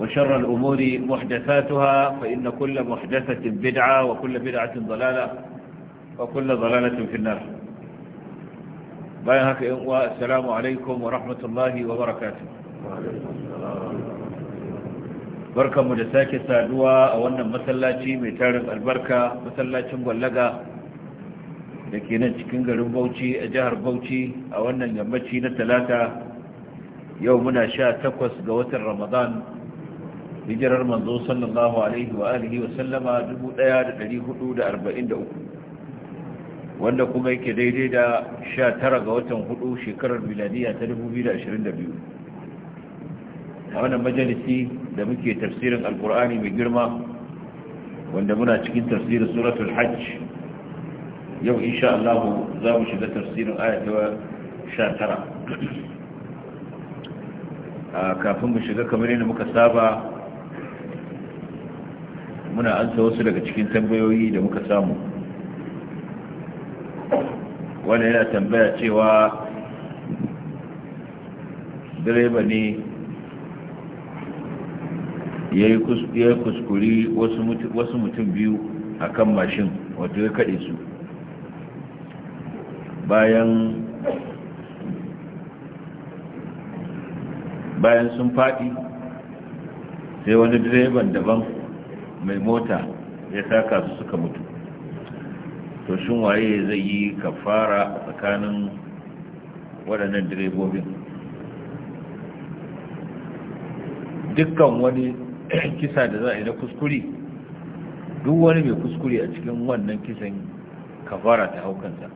وشر الأمور محدثاتها فإن كل محدثة بدعة وكل بدعة ضلالة وكل ضلالة في النار بايهاك إنواء السلام عليكم ورحمة الله وبركاته بركة مدساكي سادوا أولا مسلاتي ميتارم البركة مسلاتي مغلقة da ke nan cikin garin bauchi a jihar bauchi a wannan yammaci na talata yau muna sha takwas ga watan ramadan hijirar manzo sallallahu alaihi wa alihi wa sallama 1443 wanda kuma yake daidai da 19 ga watan 4 shekarar miladiya ta 2022 a wannan majalisi da muke tafsirin alkur'ani mai girma wanda muna cikin tafsirin suratul hajj yau insha Allah za mu shiga tafsirin ayatawa 19 kafin mu shiga kamar yadda muka saba muna ansa wasu daga cikin tambayoyi da muka samu wanda yana tambaya cewa direba ne ya yi kuskuri wasu mutum biyu a kan mashin wato ya kaɗe su bayan bayan sun faɗi sai wani direban daban mai mota ya taka su suka mutu to shin waye zai yi kafara a tsakanin waɗannan direbobin dukkan wani kisa da za a yi na kuskure duk wani mai kuskure a cikin wannan kisan kafara ta haukanta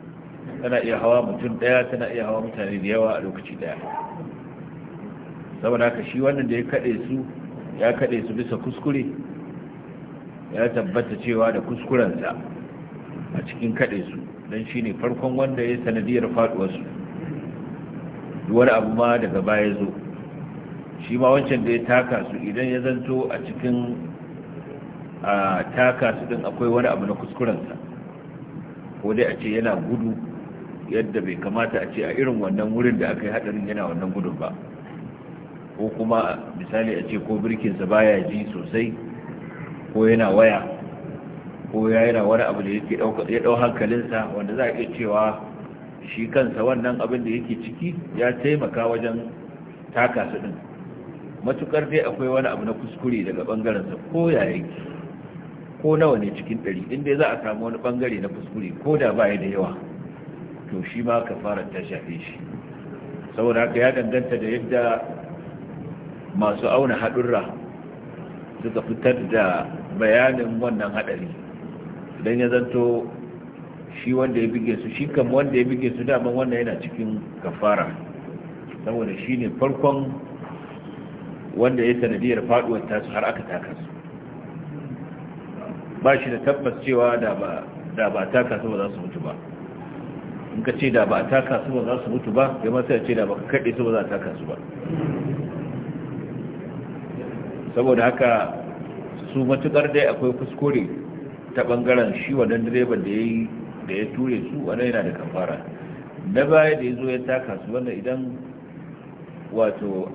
tana iya hawa mutum ɗaya tana iya hawa mutane da yawa a lokaci ɗaya saboda haka shi wannan da ya kaɗe su ya kaɗe su bisa kuskure ya tabbata cewa da kuskurensa a cikin kaɗe su don shi ne farkon wanda ya sanadiyar faɗuwarsu duwar abu ma daga baya zo shi ma wancan da ya taka su idan ya zanto a cikin a taka su ɗin akwai wani abu na kuskurensa ko dai a ce yana gudu yadda bai kamata a ce a irin wannan wurin da aka yi haɗarin yana wannan gudun ba ko kuma misali a ce ko birkinsa baya ji sosai ko yana waya ko ya yana wani abu da yake ya ɗau hankalinsa wanda za a iya cewa shi kansa wannan abin da yake ciki ya taimaka wajen taka su ɗin matukar dai akwai wani abu na kuskure daga ɓangarensa ko yayin ko nawa ne cikin ɗari inda za a samu wani ɓangare na kuskure ko da ba da yawa to shi ma fara ta shafe shi saboda haka ya danganta da yadda masu auna haɗurra suka fitar da bayanin wannan hadari don ya zanto shi wanda ya bige su shi kam wanda ya bige su daman wannan yana cikin kafara saboda shi ne farkon wanda ya sanadiyar faduwar tasu har aka taka su ba shi da tabbas cewa da ba taka su ba za su mutu ba in ka ce da ba taka su ba za su mutu ba ya masu ya ce da ba ka kaɗe su ba za taka su ba saboda haka su matukar dai akwai kuskure ta ɓangaren shi wannan direban da yayi da ya ture su a yana da kafara na baya da ya zo ya taka su wanda idan wato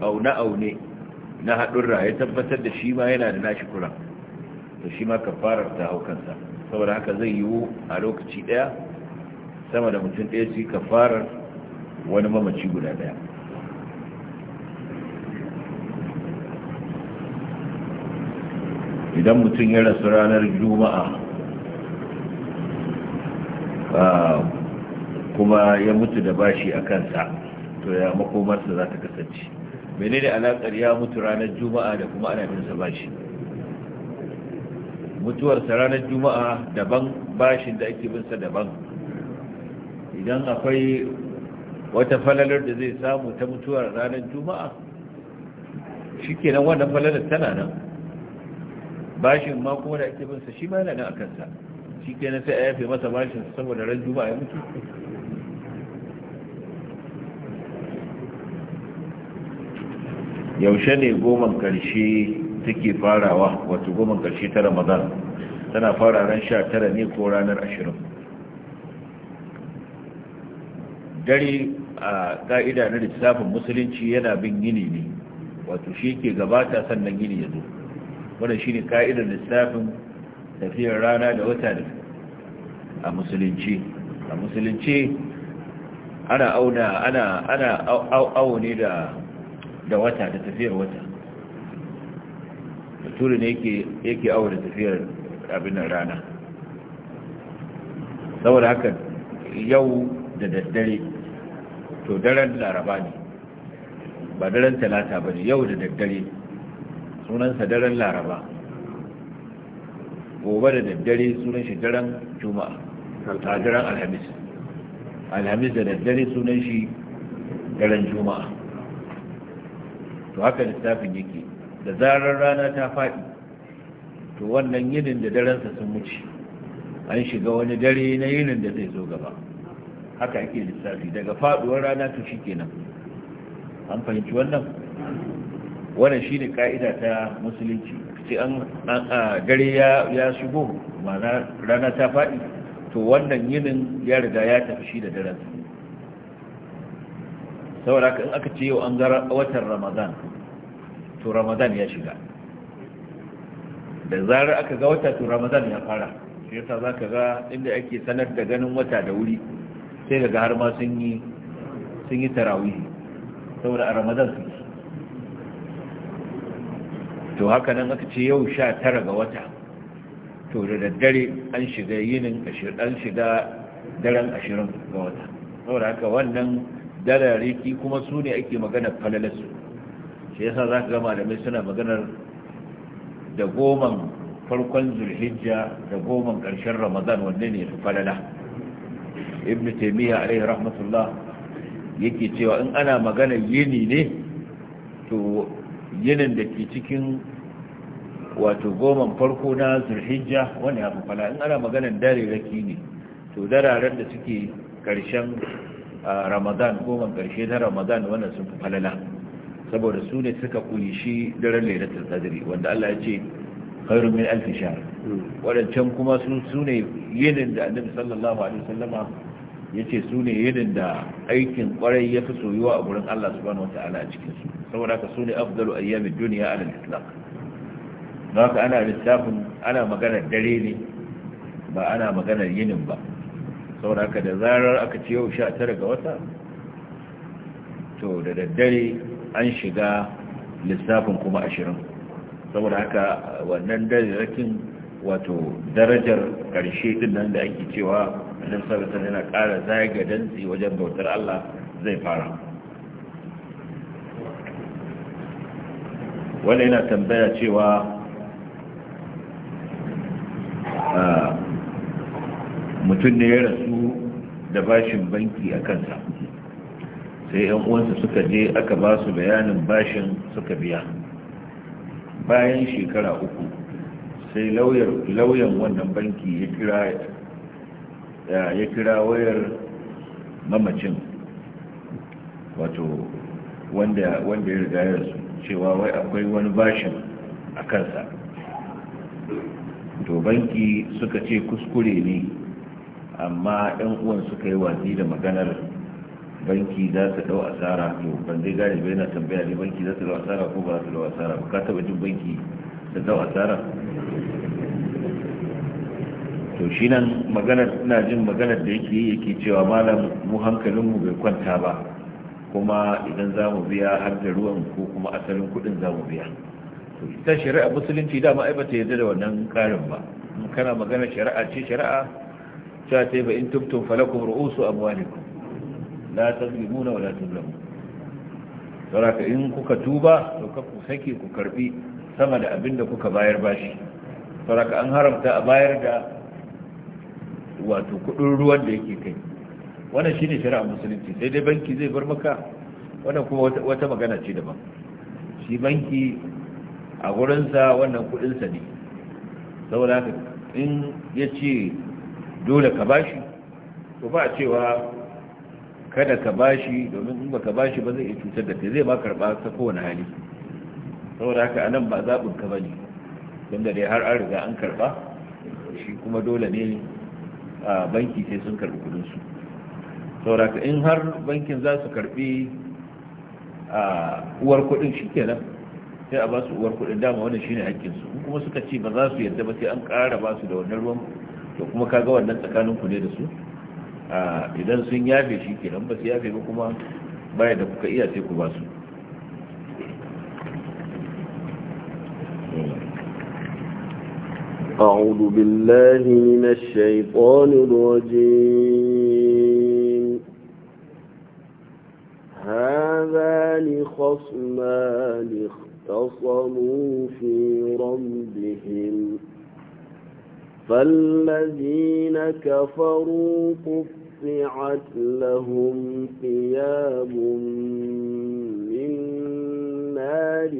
auna aune na hadurra ya tabbatar da shi ma yana da nashi kura to shi ma kafarar ta hau kansa saboda haka zai yiwu a lokaci ɗaya sama da mutum ɗaya su yi kafarar wani mamaci guda ɗaya idan mutum ya rasu ranar juma'a kuma ya mutu da bashi a kansa to ya makomarsa za ta kasance menene alaƙar ya mutu ranar juma'a da kuma ana sa bashi mutuwarsa ranar juma'a daban bashin da ake binsa daban idan akwai wata falalar da zai samu ta mutuwar ranar juma'a shi kenan wannan falalar tana nan bashin ma kuma da ake binsa shi ma yana nan a kansa shi na sai a yafe masa bashin saboda ran juma'a ya mutu yaushe ne goman karshe take farawa wato goman karshe ta ramadan tana fara ran sha tara ne ko ranar ashirin dare a ka'ida na lissafin musulunci yana bin yini ne wato shi ke gabata sannan yini ya zo wannan shine ka'idar lissafin tafiyar rana da wata a musulunci a musulunci ana auna ana ana aune da da wata da tafiyar wata bature ne yake yake auna tafiyar abin rana saboda haka yau da daddare to daren laraba ne ba daren talata ba ne yau da daddare sunansa daren laraba gobe da daddare sunan shi daren juma'a a daren alhamis alhamis da daddare sunan shi daren juma'a to haka lissafin yake da zarar rana ta faɗi to wannan yinin da darensa sun wuce an shiga wani dare na yinin da zai zo gaba haka yake lissafi daga faɗuwar rana to shi kenan an fahimci wannan wannan shi ne ka'ida ta musulunci sai an dare ya shigo mana rana ta faɗi to wannan yinin ya riga ya tafi shi da daren saboda in aka ce yau an gara watan ramadan to ramadan ya shiga da zarar aka ga wata to ramadan ya fara shi yasa za ka ga inda ake sanar da ganin wata da wuri sai ga har ma sun yi sun tarawihi saboda a ramadan suke to haka nan aka ce yau sha tara ga wata to da daddare an shiga yinin an shiga daren ashirin ga wata saboda haka wannan dalariki kuma su ne ake maganar falalarsu shi yasa za ka ga malamai suna maganar da goman farkon zulhijja da goman ƙarshen ramadan wanne ne su falala ibn taimiyya alaihi rahmatullah yake cewa in ana maganar yini ne to yinin da ke cikin wato goma farko na zurhijja wani abu fala in ana maganar dare raki ne to dararen da suke karshen ramadan goma karshe na ramadan wannan sun fi falala saboda su ne suka kunshi daren lailatul qadri wanda Allah ya ce hairun min alfi shahr hmm. wadancan kuma su sune yinin da annabi sallallahu alaihi wasallama yace su ne yinin da aikin kwarai ya fi soyuwa a gurin Allah subhanahu ta'ala a cikin su saboda ka sune afdalu ayyamin duniya ala al-islam don haka ana lissafin ana maganar dare ne ba ana maganar yinin ba saboda haka da zarar aka ce yau sha tara ga wata to da daddare an shiga lissafin kuma ashirin saboda haka wannan darajarakin wato darajar karshe din nan da ake cewa ɗan sabatar yana ƙara zaga dantsi wajen bautar Allah zai fara wanda yana tambaya cewa mutum ne ya rasu da bashin banki a kansa sai yan uwansa suka je aka ba su bayanin bashin suka biya bayan shekara uku sai lauyan wannan banki ya kira wayar mamacin wato wanda ya riga ya cewa wai akwai wani bashin a kansa to banki suka ce kuskure ne amma ɗan uwan suka yi watsi da maganar banki za su ɗau asara to ban zai gane bai na tambaya ne banki za su ɗau asara ko ba za su ɗau asara ba ka taɓa jin banki da ɗau asara to shi nan maganar ina jin maganar da yake yake cewa malam mu hankalinmu bai kwanta ba kuma idan za mu biya har da ruwan ko kuma asalin kudin za mu biya to shari'a musulunci dama ai bata yarda da wannan karin ba kana magana shari'a ce shari'a ta ce ba in tubtum falakum ru'usu amwalikum la tazlimuna wa la tuzlamun saboda in kuka tuba to ka ku sake ku karbi sama da abin da kuka bayar bashi saboda an haramta a bayar da wato kudin ruwan da yake kai wannan shine shari'a musulunci sai dai banki zai bar maka wannan kuma wata magana ce daban shi banki a gurinsa wannan kudinsa ne saboda haka in ya ce dole ka bashi to ba cewa kada ka bashi domin in ba bashi ba zai iya cutar da kai zai ma karba ta kowane hali saboda haka anan ba zaɓin ka bane tunda dai har an riga an karba shi kuma dole ne a banki sai sun karbi kudinsu sauraka in har bankin za su karbi a uwar kudin shi kenan sai a ba su uwar kudin dama wannan shine hakkinsu kuma suka ce ba za su yadda ba sai an kara ba su da wannan ruwan to kuma kaga wannan tsakanin ku ne da su idan sun yafe shi kenan ba su yafe ba kuma baya da kuka iya sai ku ba su أعوذ بالله من الشيطان الرجيم الرحمن اختصموا في ربهم فالذين كفروا قطعت لهم ثياب من نار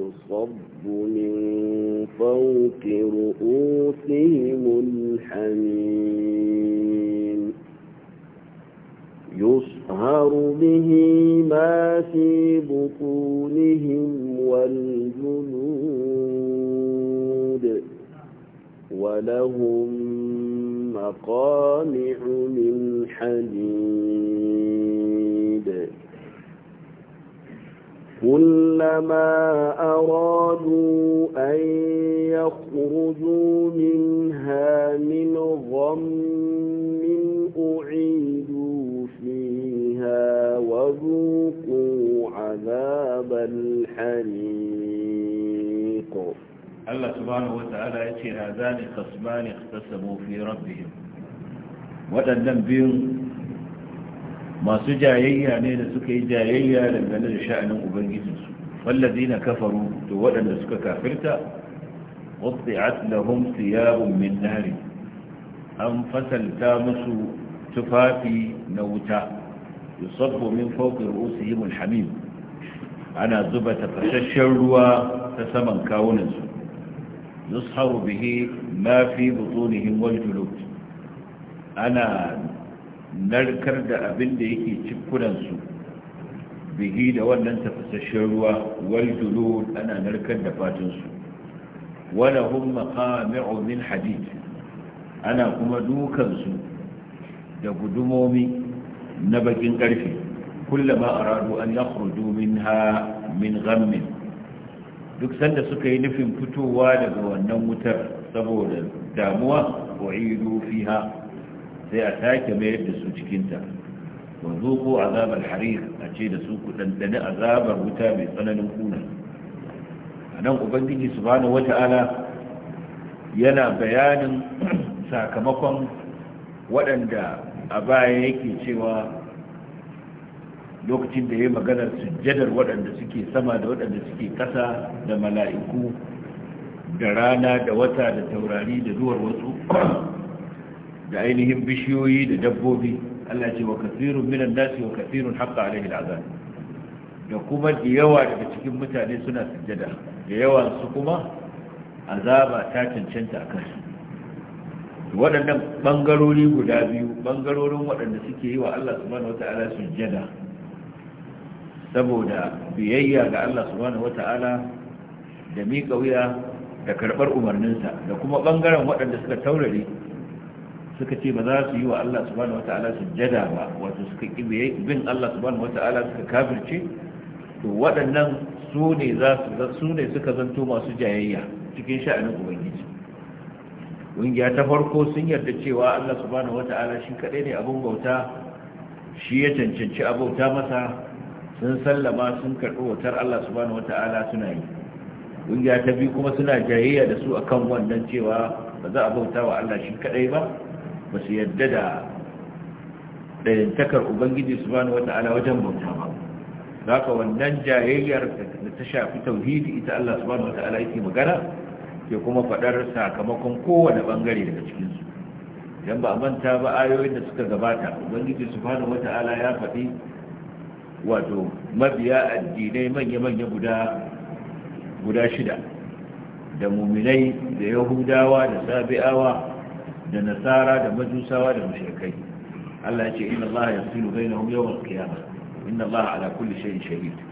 يصب من فوق رؤوسهم الحميم يصهر به ما في بطونهم والجنود ولهم مقامع من حديد كلما أرادوا أن يخرجوا منها من غم أعيدوا فيها وذوقوا عذاب الحريق الله سبحانه وتعالى يتي هذان خصمان اختصموا في ربهم waɗannan biyun masu jayayya ne da suka yi jayayya dangane da sha'anin ubangijinsu wallazi na kafaru da waɗanda suka kafirta wasi'at lahum siyabun min nari an fasalta musu tufafi na wuta yusabbu min fawqi ru'usihim hamim. ana zuba tafasasshen ruwa ta saman kawunan su yusharu bihi ma fi butunihim wal julud ana narkar da abin da yake cikunan su bihi da wannan tafashashen ruwa wal julud ana narkar da fatun su wala hum maqami'u min hadid ana kuma dukan su da gudumomi na bakin karfi kullama aradu an yakhruju minha min ghammin duk sanda suka yi nufin fitowa daga wannan wutar saboda damuwa u'idu fiha sai a sake bayar da su cikinta wa zuqu azabar al a ce da su ku azabar wuta mai tsananin kuna anan ubangiji subhanahu wata'ala yana bayanin sakamakon waɗanda a baya yake cewa lokacin da ya yi maganar sujjadar waɗanda suke sama da waɗanda suke ƙasa da mala'iku da rana da wata da taurari da zuwar wasu da ainihin bishiyoyi da dabbobi Allah ce wa kasirun minan nasi wa kasirun haqqa alaihi al'azab da kuma da yawa daga cikin mutane suna sujjada da yawan su kuma azaba ta cancanta a kansu waɗannan ɓangarori guda biyu ɓangarorin waɗanda suke yi wa Allah subhanahu wata'ala sujjada saboda biyayya ga Allah subhanahu ta'ala da miƙa wuya da karɓar umarninsa da kuma ɓangaren waɗanda suka taurari, suka ce ba za su yi wa Allah subhanahu wata'ala sujjada ba wato suka ƙi bin Allah subhanahu ta'ala suka kafirce to waɗannan su ne suka zanto masu jayayya cikin sha'anin ubangiji ƙungiya ta farko sun yarda cewa Allah subhanahu wata'ala shi kaɗai ne abin bauta shi ya cancanci abauta masa sun sallama sun karɓi wutar Allah subhanahu wata'ala suna yi ƙungiya ta biyu kuma suna jayayya da su akan wannan cewa ba za a bauta wa Allah shi kaɗai ba ba su yarda da ɗayantakar ubangiji subhanahu wata'ala wajen bauta ba za ka wannan jayayyar da ta shafi tauhidi ita Allah subhanahu wata'ala yake magana ke kuma faɗar sakamakon kowane bangare daga cikinsu idan ba a manta ba ayoyin da suka gabata ubangiji wata wata'ala ya faɗi wato mabiya addinai manya-manya guda shida da muminai da yahudawa da sabi'awa da nasara da majusawa da mushrikai Allah ya ce ina Allah fi bainahum yawm al kiyama ina Allah ala kulli shay'in shari'a.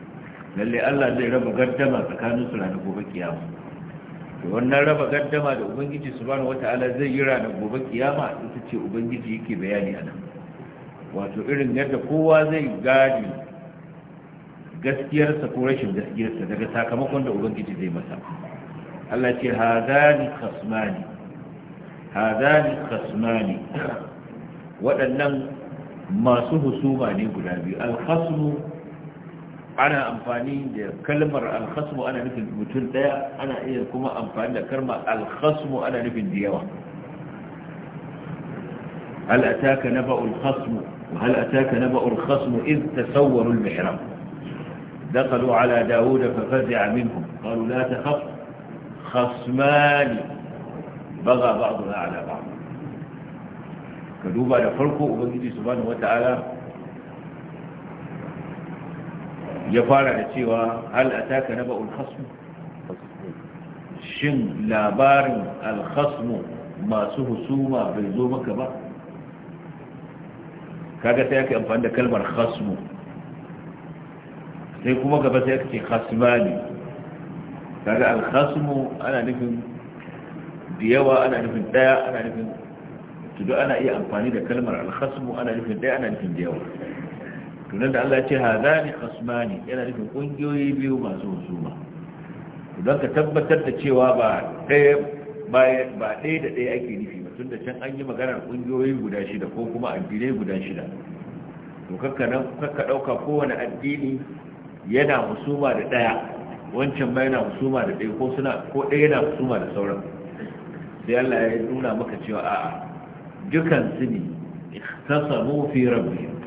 lalle Allah zai raba gardama tsakanin su ranar gobe kiyama wannan raba gaddama da ubangiji subhanahu wataala zai yi ranar gobe kiyama ita ce ubangiji yake bayani anan wato irin yadda kowa zai gadi gaskiyarsa ko rashin gaskiyarsa daga sakamakon da ubangiji zai masa Allah ce hazani khasmani hazani khasmani waɗannan masu husuma ne guda biyu al-khasmu ana amfani da kalmar alkhasmu ana nufin mutum daya ana iya kuma amfani da kalmar alkhasmu ana nufin da yawa hal ataka naba'ul khasmu wa hal ataka naba'ul khasmu id tasawwaru al-mihrab دخلوا على داود ففزع منهم قالوا لا تخف خصمان بغى بعضنا على بعض كدوبا لفرقه وبنجي سبحانه وتعالى ya fara da cewa hal ataka naba'ul khasm shin labarin al masu husuma bai zo maka ba kaga sai aka amfani da kalmar khasm sai kuma gaba sai aka ce khasmani kaga al ana nufin da yawa ana nufin daya ana nufin tudu ana iya amfani da kalmar al ana nufin daya ana nufin da yawa tunan da Allah ya ce ne asmani yana nufin kungiyoyi biyu masu husuma don ka tabbatar da cewa ba ɗaya ba ɗaya da ɗaya ake nufi ba tun da can an yi maganar kungiyoyi guda shida ko kuma addinai guda shida to kakka ɗauka kowane addini yana husuma da ɗaya wancan ma yana husuma da ɗaya ko suna ko ɗaya yana husuma da sauran sai Allah ya nuna maka cewa a'a dukan su ne ikhtasamu fi rabbihim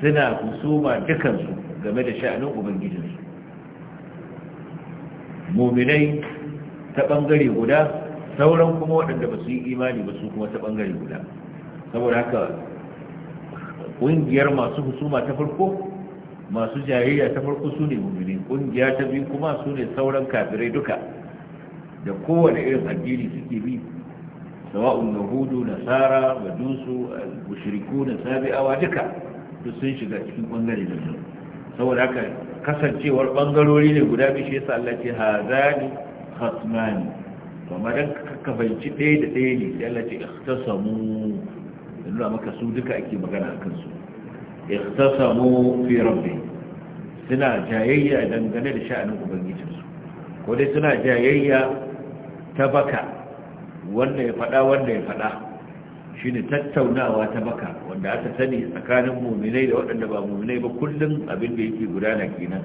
suna husuma dukansu game da sha'anin ubangijinsu muminai ta ɓangare guda sauran kuma waɗanda ba su yi imani ba su kuma ta ɓangare guda saboda haka ƙungiyar masu husuma ta farko masu jayayya ta farko su ne muminai ƙungiya ta biyu kuma su ne sauran kafirai duka da kowane irin addini suke bi sawa'un yahudu nasara majusu mushriku na sabi'awa duka duk sun shiga cikin bangare da su saboda haka kasancewar bangarori ne guda biyu shi yasa Allah ce hazani khasmani amma dan ka fahimci ɗaya da ɗaya ne sai Allah ce ikhtasamu da nuna maka su duka ake magana akan su ikhtasamu fi rabbi suna jayayya dangane da sha'anin su ko dai suna jayayya ta baka wanda ya faɗa wanda ya faɗa ne tattaunawa ta baka wanda aka sani tsakanin muminai da waɗanda ba muminai ba kullum abin da yake gudana kenan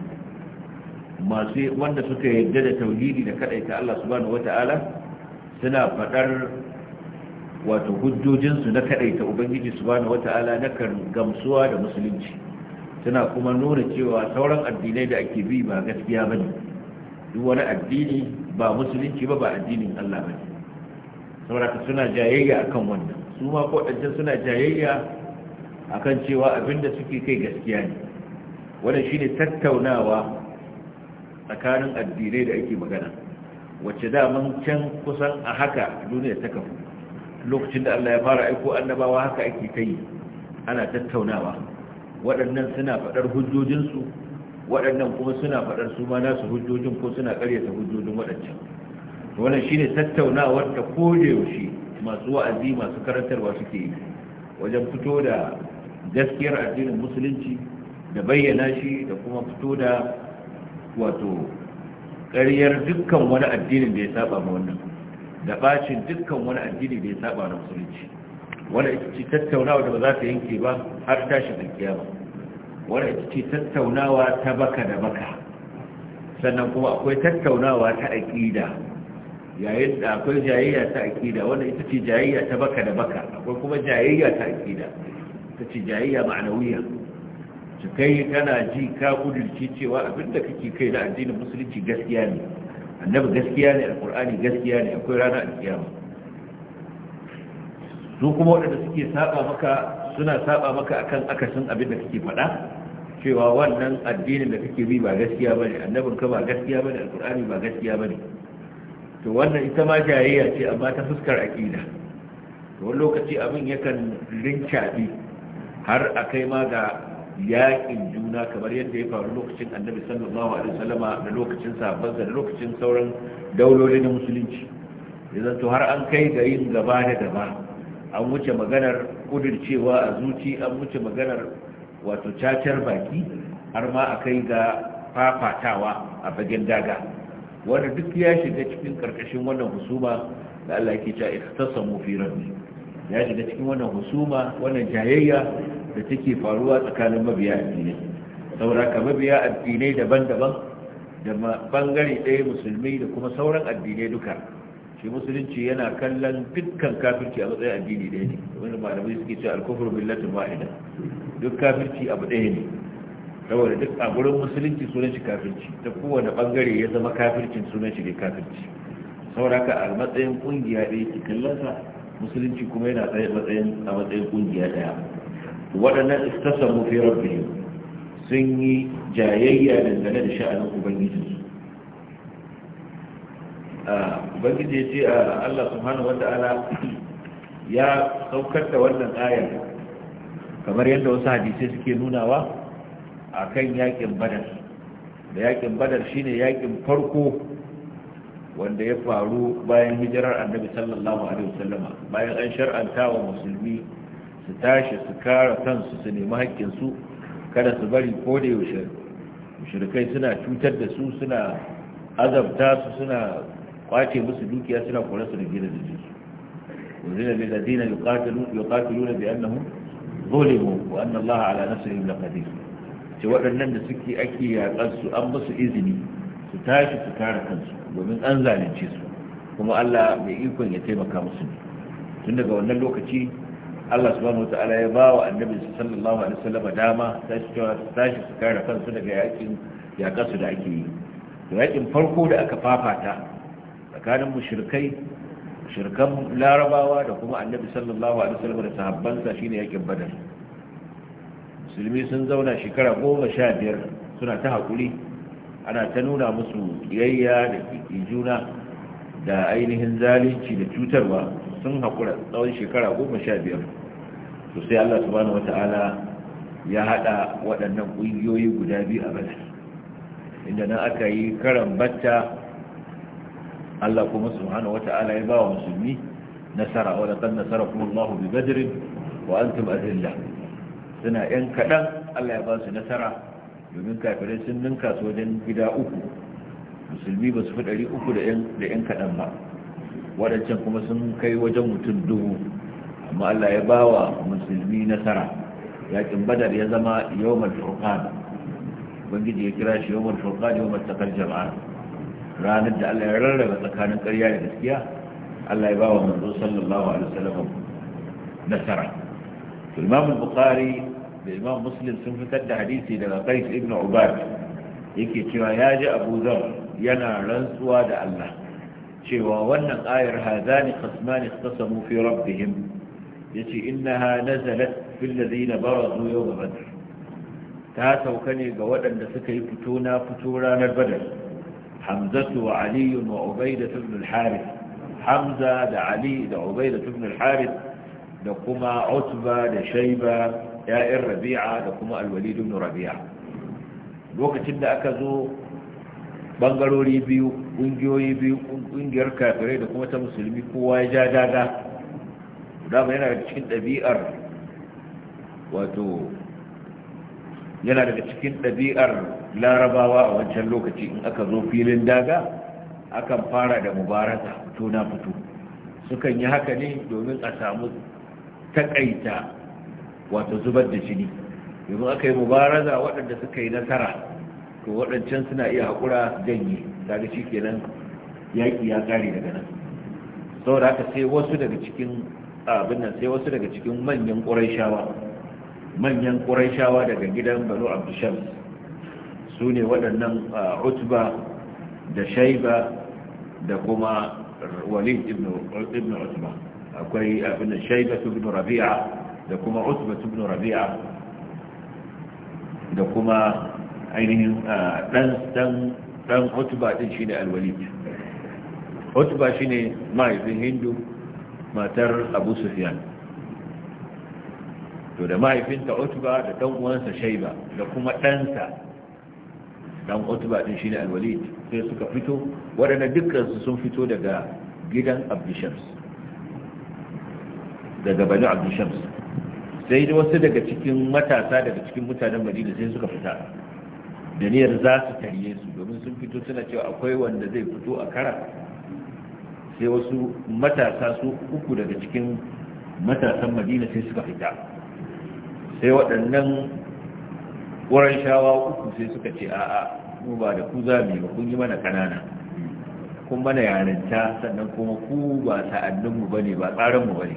masu wanda suka yarda da tauhidi da kadaita Allah subhanahu wata'ala suna faɗar wato hujjojinsu na kadaita ubangiji subhanahu wata'ala na gamsuwa da musulunci suna kuma nuna cewa sauran addinai da ake bi ba gaskiya bane duk wani addini ba musulunci ba ba addinin Allah bane saboda suna jayayya akan wannan su ma ɗancan suna jayayya kan cewa abinda suke kai gaskiya ne wannan ne tattaunawa tsakanin addinai da ake magana wacce daman can kusan a haka duniya ta kafu lokacin da Allah ya fara aiko annabawa haka ake ta yi ana tattaunawa waɗannan suna faɗar hujjojinsu waɗannan kuma suna faɗar su ma nasu hujjojin ko suna ƙaryata hujjojin waɗancan wannan ne tattaunawar ta kodewa shi masu wa'azi masu karantarwa suke yi wajen fito da gaskiyar addinin musulunci da bayyana shi da kuma fito da wato ƙaryar dukkan wani addinin da ya saba ma wannan da bacin dukkan wani addini da ya saba na musulunci wanda ita ce tattaunawa da ba za ta yanke ba har tashi da kiyama wanda ita ce tattaunawa ta baka da baka sannan kuma akwai tattaunawa ta aƙida yayin da akwai jayayya ta akida wanda ita ce jayayya ta baka da baka akwai kuma jayayya ta akida ta ce jayayya ma'anawiya su kai kana ji ka kudurci cewa abinda kake kai na addinin musulunci gaskiya ne annabi gaskiya ne alkur'ani gaskiya ne akwai rana alkiyama su kuma waɗanda suke saba maka suna saba maka akan akasin abin da kake faɗa cewa wannan addinin da kake bi ba gaskiya bane annabin ka ba gaskiya bane alkur'ani ba gaskiya bane to wannan ita ma jayayya ce amma ta fuskar aƙida to wani lokaci abin yakan rincaɓi har a kai ma ga yaƙin juna kamar yadda ya faru lokacin annabi sallallahu alaihi wasallama da lokacin da lokacin sauran dauloli na musulunci idan to har an kai ga yin gaba da gaba an wuce maganar kudircewa a zuci an wuce maganar wato cacar baki har ma a kai ga fafatawa a fagen daga wanda duk ya shiga cikin karkashin wannan husuma da Allah yake cewa ihtasamu fi rabbi ya shiga cikin wannan husuma wannan jayayya da take faruwa tsakanin mabiya addinai saboda ka mabiya addinai daban-daban da bangare ɗaya musulmi da kuma sauran addinai duka shi musulunci yana kallon dukkan kafirci a matsayin addini ɗaya ne wanda malamai suke cewa alkufur billatin wahida duk kafirci abu ɗaya ne saboda duk a gurin musulunci sunan shi kafirci ta kowane bangare ya zama kafircin sunan shi ne kafirci sauraka a matsayin kungiya ɗaya ke kallonsa musulunci kuma yana tsaye matsayin a matsayin kungiya ɗaya waɗannan istasamu fi rabbihim sun yi jayayya dangane da sha'anin ubangiji ubangiji ya ce a Allah subhanahu wata'ala ya saukar da wannan ayar kamar yadda wasu hadisai suke nunawa a kan yakin badar da yakin badar shine yakin farko wanda ya faru bayan hijirar annabi sallallahu alaihi wasallama bayan an shar'anta wa musulmi su tashi su kare kansu su nemi haƙƙinsu kada su bari ko da yaushe mushrikai suna cutar da su suna azabta su suna kwace musu dukiya suna kula su da gina da jinsu wuzina bil ladina yuqatiluna bi annahum zulimu wa anna allaha ala nasrihim laqadir ce waɗannan da suke ake yaƙar su an musu izini su tashi su kare kansu domin an zalunce su kuma Allah mai ikon ya taimaka musu ne tun daga wannan lokaci Allah subhanahu wata'ala ya ba wa annabi sallallahu alaihi wasallam dama tashi su kare kansu daga yaƙin yaƙar su da ake yi to yaƙin farko da aka fafata tsakanin mushrikai shirkan larabawa da kuma annabi sallallahu alaihi wasallam da sahabbansa shine yaƙin badar musulmi sun zauna shekara goma sha biyar suna ta haƙuri ana ta nuna musu ƙiyayya da juna da ainihin zalunci da cutarwa sun haƙura tsawon shekara goma sha biyar to sai allah subhanahu ya haɗa waɗannan ƙungiyoyi guda biyu a bala inda nan aka yi karan batta allah kuma subhanahu ya ba wa musulmi nasara wadatan nasara kuma allahu bi badrin wa antum azillah suna yan kaɗan allah ya ba su nasara domin kafirai sun ninka su wajen gida uku musulmi ba su fi ɗari uku da yan kaɗan ba waɗancan kuma sun kai wajen mutum dubu amma allah ya ba wa musulmi nasara yakin badar ya zama yawon furqan ubangiji ya kira shi yawon furqan yawon takar jama'a ranar da allah ya rarraba tsakanin ƙarya da gaskiya allah ya ba wa manzo sallallahu alaihi wasallam nasara imam al-bukhari الإمام مسلم سمع كذا حديثي من قيس ابن عباد يكي شو ياج أبو ذر ينا رنس واد الله شو ون آير هذان قسمان اختصموا في ربهم يتي إنها نزلت في الذين برزوا يوم بدر تاتوا كني قوات أن سكي فتونا فتورانا البدر حمزة وعلي وعبيدة بن الحارث حمزة دعلي دعبيدة بن الحارث دقما عتبة دشيبة ya'yan rabi'a da kuma alwalid ibn rabi'a lokacin da aka zo bangarori biyu ƙungiyoyi biyu ƙungiyar kafirai da kuma ta musulmi kowa ya ja daga dama yana daga cikin ɗabi'ar wato yana daga cikin ɗabi'ar larabawa a wancan lokaci in aka zo filin daga akan fara da mubaraka fito na fito sukan yi haka ne domin a samu takaita wato zubar da jini yanzu aka yi mubaraza waɗanda suka yi nasara to waɗancan suna iya haƙura janye daga shi kenan yaƙi ya ƙare daga nan saboda haka sai wasu daga cikin abin nan sai wasu daga cikin manyan ƙuraishawa manyan ƙuraishawa daga gidan banu abdushan su ne waɗannan utba da shaiba da kuma walid ibn utba akwai abin da shaiba ibn rabi'a da kuma usba ibn rabi'a da kuma ainihin dan dan dan utba din shine al-walid utba shine mahaifin hindu matar abu sufyan to da mahaifinta utba da dan uwansa shaiba da kuma ɗansa dan utba din shine al-walid sai suka fito waɗanda dukkan su sun fito daga gidan abdishams daga bani abdishams sai da wasu daga cikin matasa daga cikin mutanen madina sai suka fita da niyyar za su tarye su domin sun fito suna cewa akwai wanda zai fito a kara sai wasu matasa su uku daga cikin matasan madina sai suka fita sai waɗannan wurin shawa uku sai suka ce a mu ba da ku za mu yi ba kun yi mana kanana kun mana yarinta sannan kuma ku ba sa'anninmu ba ne ba tsarinmu ba ne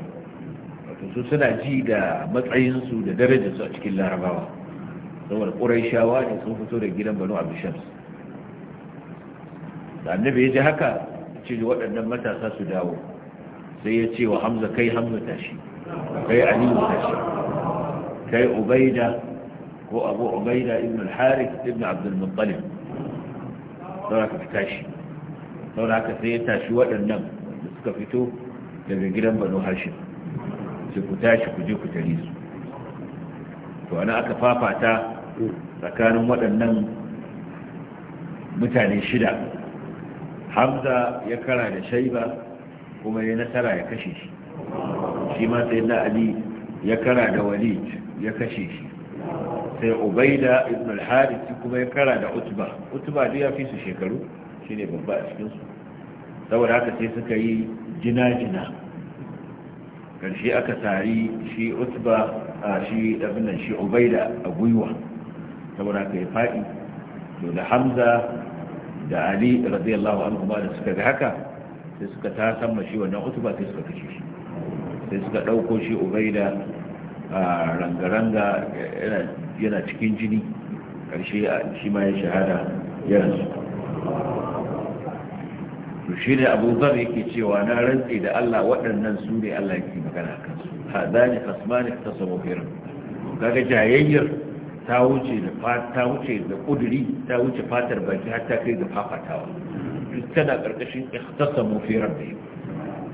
su suna ji da matsayinsu da darajarsu a cikin larabawa saboda shawa ne sun fito da gidan banu shams da annabi ya ji haka ce waɗannan matasa su dawo sai ya ce wa hamza kai hamza tashi kai aliyu tashi kai ubaida ko abu ubaida ibn al-harith ibn abd al-muttalib saboda ka tashi saboda ka sai ya tashi waɗannan da suka fito daga gidan banu hashim ce ku tashi ku je ku tare su to ana aka fafata tsakanin waɗannan mutane shida hamza ya kara da shaiba kuma ya nasara ya kashe shi shi ma sai na ali ya kara da walid ya kashe shi sai ubaida ibn al-harith kuma ya kara da utba utba duk ya fi su shekaru shine babba a cikin su saboda haka sai suka yi jina-jina karshe aka tari shi utba shi abinan shi ubaida a gwiwa saboda ka yi faɗi to da hamza da ali radiyallahu anhu ma da suka ga haka sai suka ta samma shi wannan utba sai suka kashe shi sai suka ɗauko shi ubaida da rangaranga yana cikin jini karshe shi ma ya shahada ya to shi ne abu yake cewa na rantse da allah waɗannan su ne allah yake magana kan su hadani kasmani ta sabo hirin kaga jayayyar ta wuce da ta wuce da kuduri ta wuce fatar baki har ta kai ga fafatawa tana karkashin ikhtasamu fi rabbihim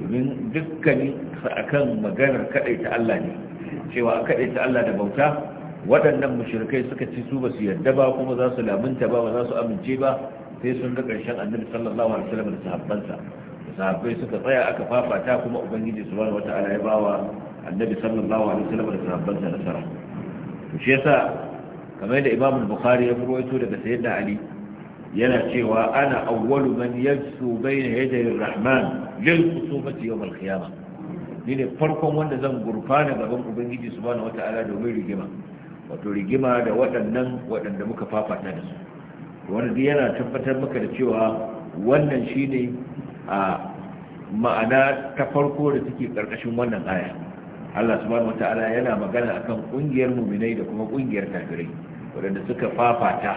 domin dukkanin akan maganar kaɗaita ta Allah ne cewa kaɗaita ta Allah da bauta waɗannan mushrikai suka ci su basu yarda ba kuma za su lamunta ba ba za su amince ba sai sun ga ƙarshen annabi sallallahu alaihi wasallam da sahabbansa sahabbai suka tsaya aka fafata kuma ubangiji subhanahu wataala ya bawa annabi sallallahu alaihi wasallam da sahabbansa nasara to shi yasa kamar yadda imamu bukhari ya rawaito daga sayyidina ali yana cewa ana awwalu man yajsu bayna yaday ar-rahman lil khusumati yawm al ni ne farkon wanda zan gurfana gaban ubangiji subhanahu wataala domin rigima wato rigima da waɗannan waɗanda muka fafata da su wanda yana tabbatar maka da cewa wannan ne a ma'ana ta farko da suke karkashin wannan aya Allah subhanahu ta'ala yana magana akan ƙungiyar muminai da kuma ƙungiyar kafirai waɗanda suka fafata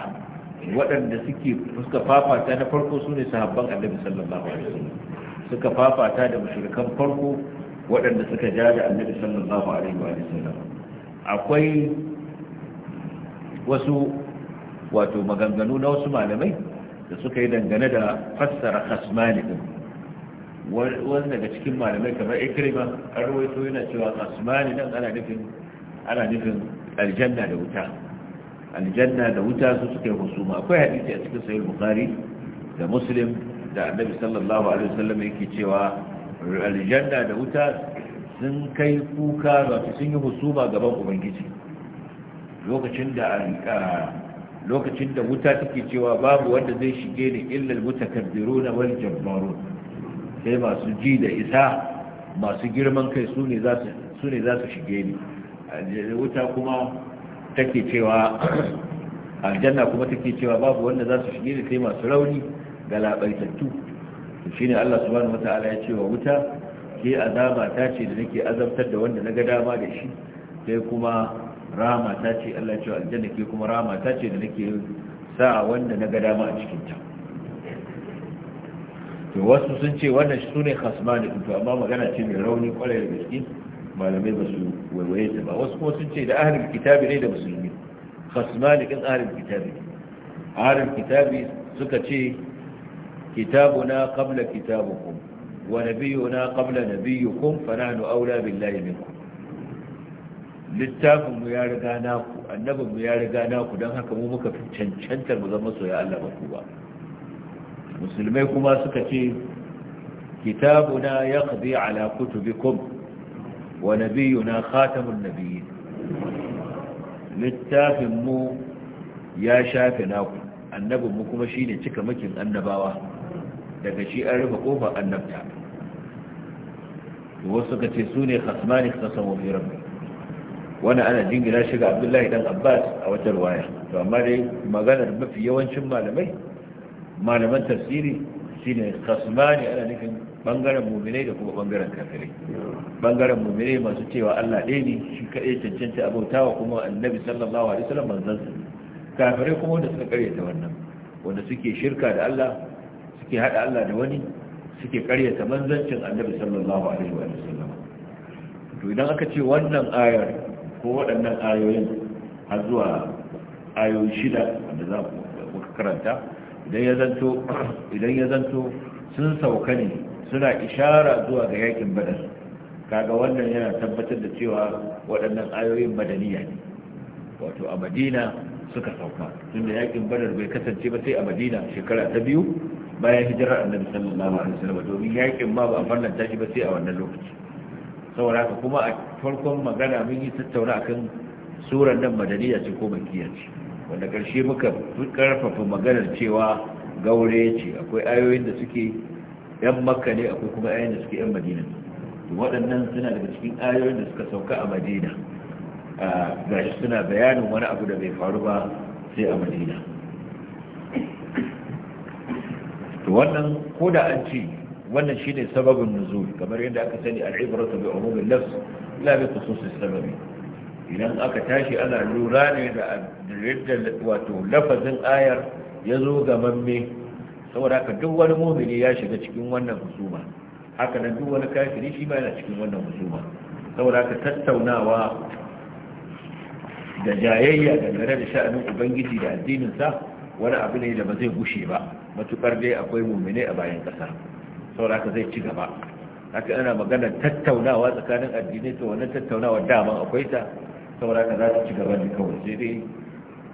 waɗanda suke suka fafata na farko su ne sahabban Annabi sallallahu alaihi wasallam suka fafata da mushrikan farko waɗanda suka ja da Annabi sallallahu alaihi wasallam akwai wasu wato maganganu na wasu malamai da suka yi dangane da fassara kasmani din wani daga cikin malamai kamar ikrima an rawaito yana cewa kasmani nan ana nufin ana nufin aljanna da wuta aljanna da wuta su suke husuma akwai hadisi a cikin sahih bukhari da muslim da annabi sallallahu alaihi wasallam yake cewa aljanna da wuta sun kai kuka wato sun yi husuma gaban ubangiji lokacin da lokacin da wuta take cewa babu wanda zai shige ni illal na wal jabbarun sai masu ji da isa masu girman kai su ne za su shige ni wuta kuma take cewa aljanna kuma take cewa babu wanda za su shige ni sai masu rauni ga labaitattu to shine Allah subhanahu wataala ya ce wa wuta ke azaba ta ce da nake azabtar da wanda na ga dama da shi sai kuma rama ta ce Allah ce aljanna ke kuma rama ta ce da nake sa wanda na ga dama a cikin ta to wasu sun ce wannan su ne khasmani to amma magana ce mai rauni kwarai da gaske malamai ba su waiwaye ta ba wasu kuma sun ce da ahlul kitabi ne da musulmi khasmani din ahlul kitabi ahlul kitabi suka ce kitabuna qabla kitabukum wa nabiyuna qabla nabiyukum fa nahnu aula billahi minkum Littafinmu ya riga naku annabinmu ya riga naku don haka mu muka fi cancantar mu zama soyayya Allah ba ba musulmai kuma suka ce kitabuna ya yaqdi ala kutubikum wa nabiyuna khatamun nabiyyin littafin mu ya shafe naku annabinmu kuma shi ne cika makin annabawa daga shi an rufe kofar annabta wasu ka ce su ne khasmani khasamu fi rabbi wani ana jingina shi ga abdullahi dan abbas a wata ruwaya to amma dai maganar mafi yawancin malamai malaman tafsiri shine kasmani ana nufin bangaren muminai da kuma bangaren kafirai bangaren muminai masu cewa Allah ɗaya ne shi kaɗai cancanta abautawa kuma annabi sallallahu alaihi wasallam manzon sa kafirai kuma wanda suka karyata wannan wanda suke shirka da Allah suke hada Allah da wani suke karyata manzancin annabi sallallahu alaihi wasallam to idan aka ce wannan ayar ko waɗannan ayoyin har zuwa ayoyi shida wanda za mu karanta idan ya zanto idan ya zanto sun sauka ne suna ishara zuwa ga yakin badar kaga wannan yana tabbatar da cewa waɗannan ayoyin madaniya ne wato a madina suka sauka tunda yakin badar bai kasance ba sai a madina shekara ta biyu bayan hijirar annabi sallallahu alaihi wasallam domin yakin ma ba a farlanta shi ba sai a wannan lokaci saboda haka kuma a farkon magana mun yi tattauna akan surar nan madaniya ce ko makiya ce wanda karshe muka karfafa maganar cewa gaure ce akwai ayoyin da suke yan makka ne akwai kuma ayoyin da suke yan madina waɗannan suna daga cikin ayoyin da suka sauka a madina gashi suna bayanin wani abu da bai faru ba sai a madina to wannan ko da an ce wannan shine sababin nuzul kamar yadda aka sani al-ibratu bi umumin nafs la bi khususis sababi idan aka tashi ana lura ne da yadda wato lafazin ayar ya zo gamamme saboda haka duk wani mumini ya shiga cikin wannan husuma haka nan duk wani kafiri shi ma yana cikin wannan husuma saboda haka tattaunawa da jayayya dangane da sha'anin ubangiji da addininsa wani abu ne da ba zai gushe ba matukar dai akwai mumini a bayan ƙasa sauraka zai ci gaba haka ana magana tattaunawa tsakanin addinai to wannan tattaunawa dama akwai ta sauraka za ta ci gaba ne kawai sai dai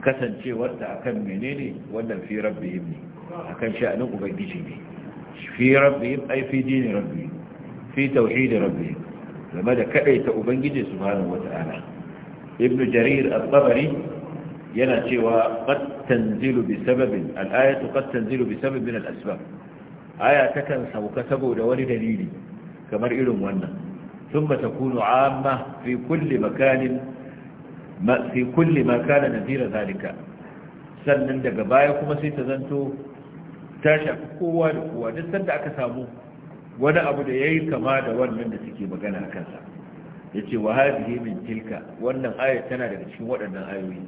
kasancewarta akan menene wannan fi rabbihim ne akan sha'anin ubangiji ne fi rabbihim ai fi dini rabbihim fi tauhid rabbihim game da kadaita ubangiji subhanahu wata'ala ibn jarir at-tabari yana cewa qad tanzilu bi sababin al-ayatu qad tanzilu bi sababin al-asbab aya takan sauka saboda wani dalili kamar irin wannan sun ba ta kunu amma fi kulli fi kulli makana nazira zalika sannan daga baya kuma sai ta zanto ta shafi kowa da kowa duk sanda aka samu wani abu da yayi kama da wannan da suke magana a kansa yace wa hadhihi min tilka wannan aya tana daga cikin waɗannan ayoyi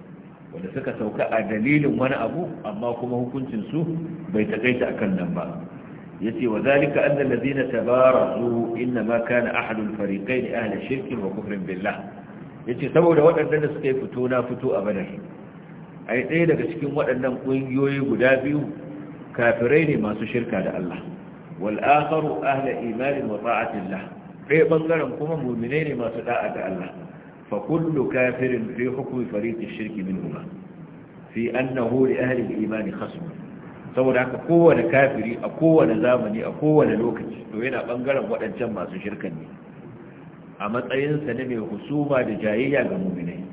wanda suka sauka a dalilin wani abu amma kuma hukuncin su bai takaita akan nan ba yace wa zalika anna alladhina tabarazu inna ma kana ahadul fariqayn ahli shirkin wa kufrin billah yace saboda waɗannan da suka yi fito na fito a banar. ai ɗaya daga cikin waɗannan ƙungiyoyi guda biyu kafirai ne masu shirka da Allah wal akharu ahli imanin wa ta'atillah ɗaya bangaren kuma mu'minai ne masu da'a da Allah fa kullu kafirin fi hukmi fariqi shirki minhuma fi annahu li ahli al-iman khasmun saboda haka kowane kafiri a kowane zamani a kowane lokaci to yana bangaren waɗancan masu shirkan ne a matsayinsa ne mai husuma da jayayya ga muminai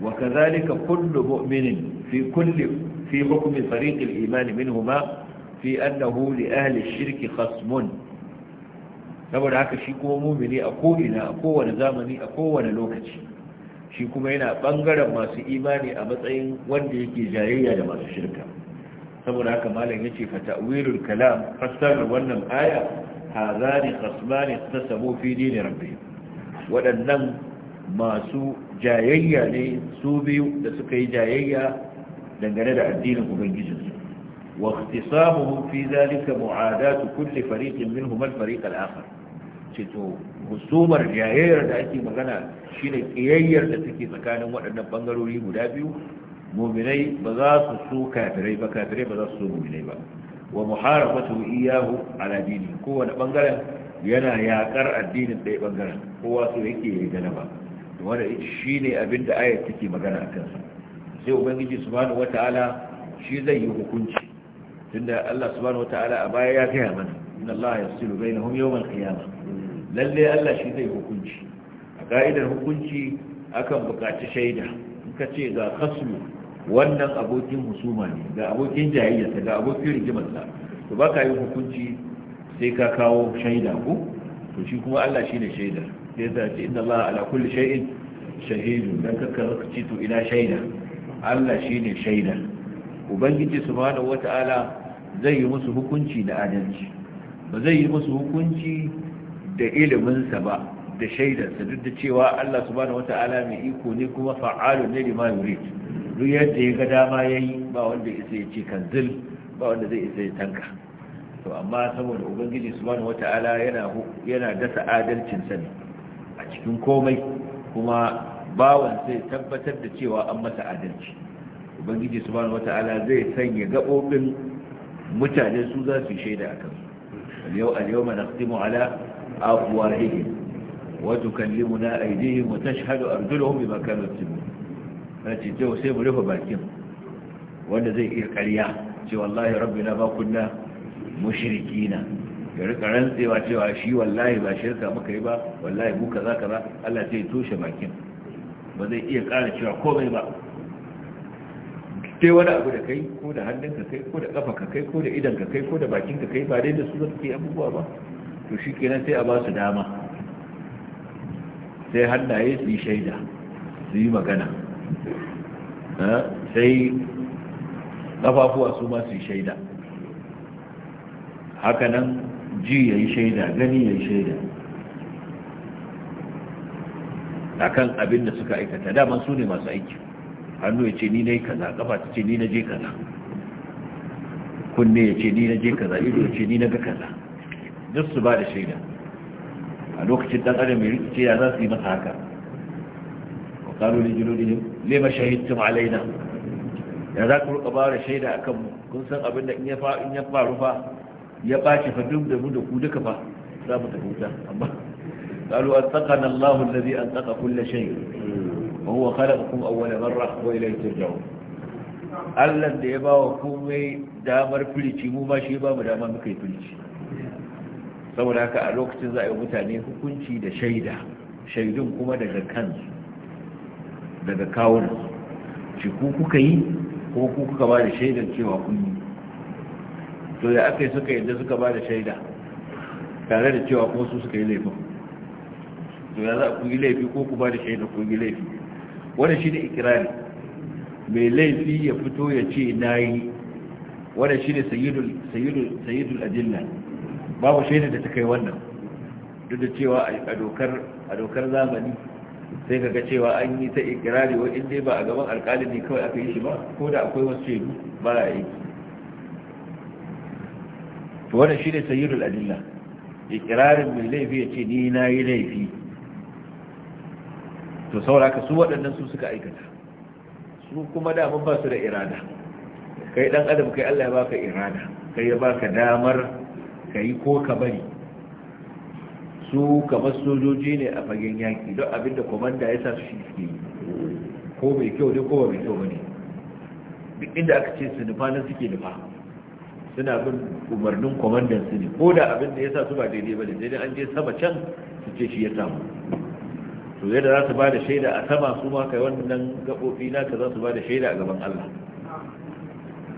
wa kazalika kullu mu'minin fi kulli fi hukmi fariq iman minhuma fi annahu li ahli ash-shirk khasmun saboda haka shi kuma mumini a ko'ina a kowane zamani a kowane lokaci shi kuma yana bangaren masu imani a matsayin wanda yake jayayya da masu shirka saboda haka malam ce fa ta'wilul kalam fassarar wannan aya hazani khasmani tasabu fi dini rabbihim masu jayayya ne su biyu da suka yi jayayya dangane da addinin ubangijinsu واختصامهم في ذلك معاداة كل فريق منهما الفريق الآخر cito husumar jayayyar da ake magana shine kiyayyar da take tsakanin waɗannan bangarori guda biyu muminai ba za su so kafirai ba kafirai ba za su so muminai ba wa muharabatu iyahu ala dini kowane ɓangaren yana yaƙar addinin ɗaya ɓangaren kowa so yake yi galaba wanda shi ne abin da ayat take magana a kansa sai ubangiji subhanahu wata'ala shi zai yi hukunci tunda Allah subhanahu wata'ala a baya ya gaya mana inna Allah ya yafsilu bainahum yawm al-qiyamah lalle Allah shi zai hukunci a ka'idar hukunci akan buƙaci shaida in ka ce ga kasu. wannan abokin husuma ne ga abokin jayayyarsa ga abokin rigimarsa to ba ka yi hukunci sai ka kawo shaida ku to shi kuma Allah shi ne shaida sai ta ce inna Allah ala kulli shay'in shahidu dan ka ci to ina shaida Allah shi ne shaida ubangiji subhanahu wata'ala zai yi musu hukunci da adalci ba zai yi musu hukunci da sa ba da shaidarsa duk da cewa Allah subhanahu wata'ala mai iko ne kuma fa'alun ne lima yurid duk yadda ya ga dama ya yi ba wanda isa ya ce kanzil ba wanda zai isa ya tanka to amma saboda ubangiji subhanahu wata'ala yana yana dasa adalcin sa ne a cikin komai kuma bawan sai tabbatar da cewa an masa adalci ubangiji subhanahu wata'ala zai sanya gaɓoɓin mutane su za su shaida akan su yau al-yawma naqtimu ala afwahihim wa tukallimuna aydihim wa tashhadu arjuluhum bi kanu na ce sai mu rufe bakin wanda zai iya ƙarya ce wallahi rabbi na ba kunna na. ya rika rantsewa cewa shi wallahi ba shirka muka yi ba wallahi mu kaza ba. Allah sai ya toshe bakin ba zai iya ƙara cewa komai ba sai wani abu da kai ko da hannunka kai ko da ƙafa ka kai ko da idan ka kai ko da bakin ka kai ba dai da su za su abubuwa ba to shi kenan sai a ba su dama sai hannaye su yi shaida su yi magana sai ƙafafuwa su ma su shaida haka nan ji ya yi shaida gani ya yi shaida a kan abin da suka aikata daman su ne masu aiki hannu ya ce ni na yi kaza ƙafa ta ce ni na je kaza kunne ya ce ni na je kaza ido ya ce ni na ga kaza duk su ba da shaida a lokacin ɗan adam ya rikice ya za su yi masa haka wa kalu ne jilodihim lima shahidtum alaina ya za ku rika bara shaida a kanmu kun san abin da in ya in ya faru fa ya baci fa duk da mu da ku duka fa za mu tafi wuta amma قالوا أتقنا الله الذي أتق كل شيء وهو خلقكم أول مرة وإليه ترجعون Allah da ya bawa komai damar filici mu ma shi ba mu dama muka yi filici saboda haka a lokacin za a yi mutane hukunci da shaida shaidun kuma daga kansu daga kawun shi ku kuka yi ko ku kuka ba da shaidar cewa kun yi to ya aka yi suka da suka ba da shaida tare da cewa ko su suka yi laifin to ya za ku yi laifi ko ku ba da shaida ku yi laifi wadda shi ne ikirari mai laifi ya fito ya ce na yi wadda shi ne sayidul ajilla babu shaida da ta kai wannan duk da cewa a dokar zamani sai ka ga cewa an yi ta ikirari wa inda ba a gaban alkalin ne kawai aka yi shi ba ko da akwai wasu shaidu ba a yi to wannan shine sayyidul adilla ikirarin mai laifi ya ce ni na yi laifi to sauraka su waɗannan su suka aikata su kuma daman ba su da irada kai dan adam kai Allah ya baka irada kai ya baka damar kai ko ka bari su kamar sojoji ne a fagen yaki don abinda komanda ya sa su shi suke ko mai kyau ne ko mai kyau ne duk inda aka ce su nufa nan suke nufa suna bin umarnin komandan su ne ko da abinda ya sa su ba daidai ba da daidai an je sama can su ce shi ya samu to yadda za su ba da shaida a sama su ma kai wannan gaɓoɓi naka za su ba da shaida a gaban Allah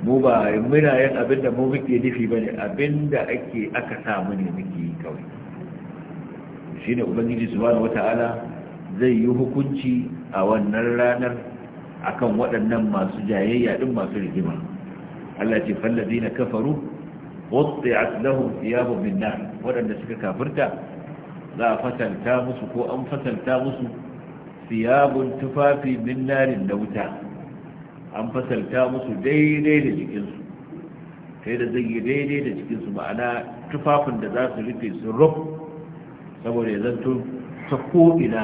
mu ba muna yin abin da mu muke nufi ba ne abin da ake aka samu ne muke yi kawai shine ubangiji wata ala zai yi hukunci a wannan ranar akan waɗannan masu jayayya ɗin masu rigima Allah ce na kafaru qutti'at lahum thiyabun min nar waɗanda suka kafirta za a fasalta musu ko an fasalta musu siyabun tufafi min narin da wuta an fasalta musu daidai da jikinsu sai da zai yi daidai da jikinsu ma'ana tufafin da za su rufe su rufe saboda ya zanto ta ko'ina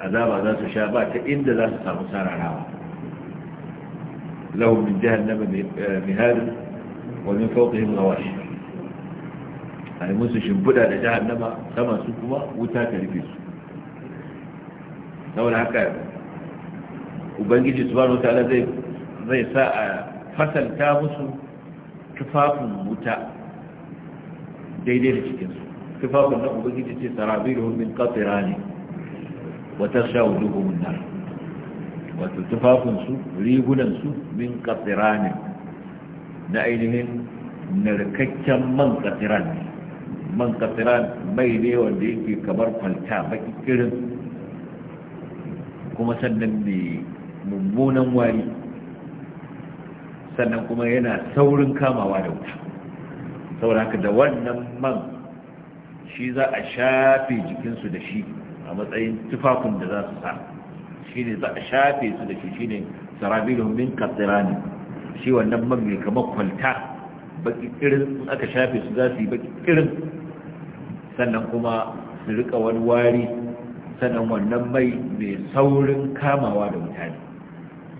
azaba za su sha ba ta inda za su samu sararawa lahum min jahannama mihadin wa min fawqihim ghawash ai musu shimfida da jahannama sama su kuma wuta ta rufe su saboda haka ubangiji subhanahu wataala zai zai sa a fasalta musu tufafin wuta daidai da cikinsu tufafin na ubangiji ce sarabiru min qatirani wa tashawu duhumun nar wato tufafin su rigunan su min qatirani na ainihin narkakken man qatiran man qatiran mai ne wanda yake kamar kwalta baki kuma sannan mummunan wari sannan kuma yana saurin kamawa da wuta saboda haka da wannan man shi za a shafe jikinsu da shi a matsayin tufafin da za su sa shi ne za a shafe su da shi shi ne sarabilun min katsirani shi wannan man mai kama kwalta baki irin aka shafe su za su yi baki irin sannan kuma su rika wani wari sannan wannan mai mai saurin kamawa da mutane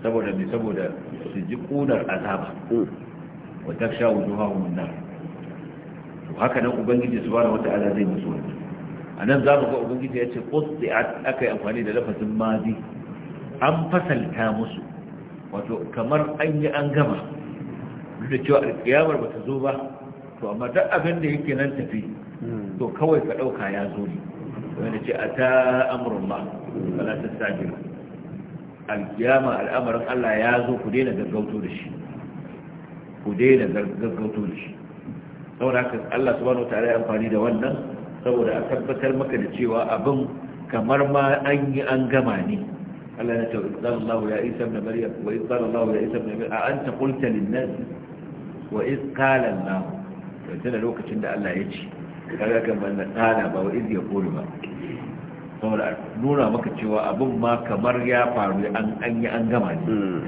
saboda mai saboda su ji ƙunar azaba wata sha wujuwa wunan haka nan ubangiji su wata ala zai musu wani a nan za mu ga ubangiji ya ce ƙusti aka yi amfani da lafazin mazi an fasalta musu wato kamar an yi an gama duk da cewa alƙiyamar ba ta zo ba to amma duk abin da yake nan tafi hmm. to kawai ka ɗauka ya zo ne wanda ce a ta amurin ba wala ta sajir alƙiyama al'amarin allah ya zo ku daina gaggauto da shi ku daina gaggauto da shi saboda haka Allah subhanahu wataala ya amfani da wannan saboda a tabbatar maka da cewa abin kamar ma an yi an gama ne Allah ya ce qala Allah ya Isa ibn Maryam wa qala Allah ya Isa ibn Maryam a anta qulta lin nas wa iz qala Allah to tana lokacin da Allah ya ce kaga kan wannan qala ba wa iz yaqulu ba saboda nuna maka cewa abin ma kamar ya faru an yi an gama ne hmm.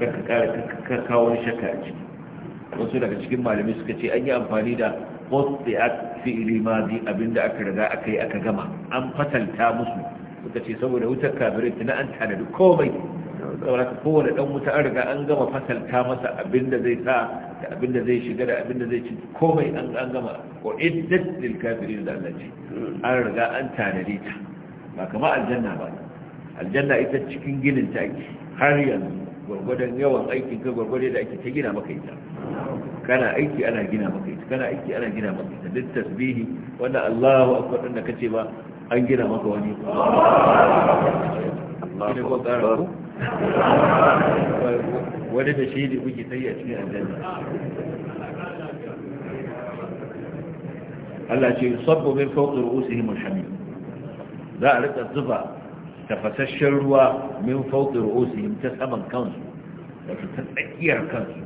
ka kawo shakka a ciki wasu daga cikin malamai suka ce an yi amfani da post qutti'at fi'li madi abinda aka riga aka yi aka gama an fatalta musu suka ce saboda wutar kafirai tana an tanadi komai saboda kowane dan wuta an riga an gama fasalta masa abinda zai sa da abinda zai shiga da abinda zai ci komai an gama ko iddat lil kafirin da Allah ce an riga an tanadi ta ba kamar aljanna ba aljanna ita cikin ginin ta har yanzu gwargwadon yawan aikin ka gwargwade da ake ta gina maka ita kana aiki ana gina maka ita kana aiki ana gina maka ita duk tasbihi wanda Allahu akbar din da kace ba an gina maka wani wani da shi ne kuke tayi a cikin aljanna Allah ce sabbu min fawqi ru'usihim al-hamim za a rika zuba tafasasshen ruwa min fauƙi ru'usihim ta saman kansu wato ta tsakiyar kansu